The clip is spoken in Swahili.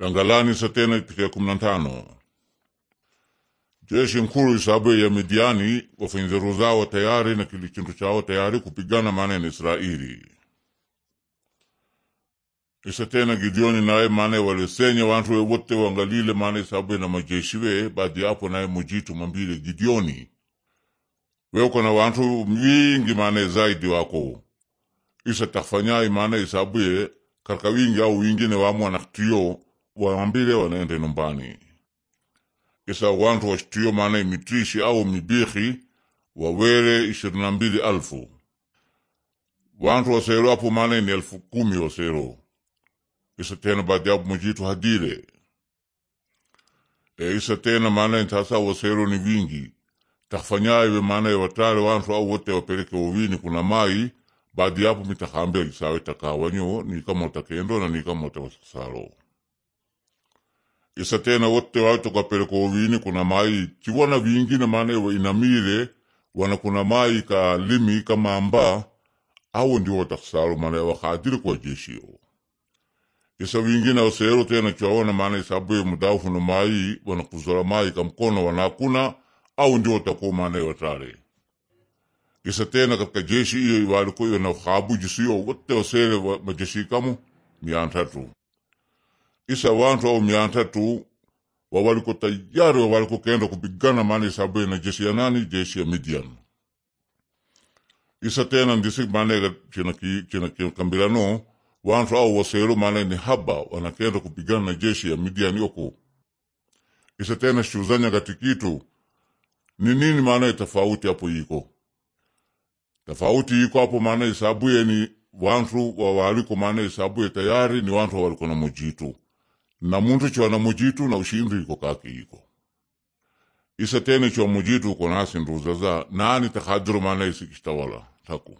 Langalani satena ipite kumi na tano jeshi mkuru isabu ya Midiani wafanyizaru zao tayari na kilichindu chao tayari kupigana maana na Israeli. Isatena gidioni naye maana walisenya wantu we wote wangalile maana isabu na majeshiwe baadi yapo naye mujitu mambile gidioni weko na wantu wingi maana zaidi wako isa tafanyai maana isabuye karka wingi au wingine wamwanaktiyo waambile wanaende nyumbani isa wantu washitiyo maana imitishi au mibihi wawere ishirini na mbili alfu wantu wasero apo maana ni elfu kumi wasero isa tena badiabu mujitu hadire e isa tena maana ntasa wasero ni wingi takfanyaiwe maana watale wantu au wote wapeleke uvini kuna mai baadhi badiapo mitakambia isawe takawanyo kama utakendo na ni kama wasasaro isa tena wote wao tukapeleka ovini kuna mai chiwana vingine maana inamile wana kuna mai ka limi kama amba au ndio wataksalo maana wa wakadiri kwa jeshi yo isa vingine wasero tena chaona maana ya mudafu na mai wana kuzora mai ka mkono kuna au ndio watakuwa maana wa tare isa tena katika jeshi hiyo walikuwa na khabu jisiyo wote wasere majeshi kama mia tatu isa wantu au mia tatu wawaliko tayari wawaliko kenda kupigana mani isabuye na jeshi ya nani jeshi ya Midian isa tena ndisi ki maana chinakikambirano wantu au waseru maana ni haba wanakenda kupigana na jeshi ya Midian yoko isa tena shuzanya katikitu ni nini maana tofauti hapo iko tofauti iko hapo maana isabuye ni wantu wawaliko maana isabuye tayari ni wantu wawaliko na mujitu na muntu chwana mujitu na ushindu iko iko isa tene chwa mujitu uko nasi nduzaza nani takadiru mana isi kistawala taku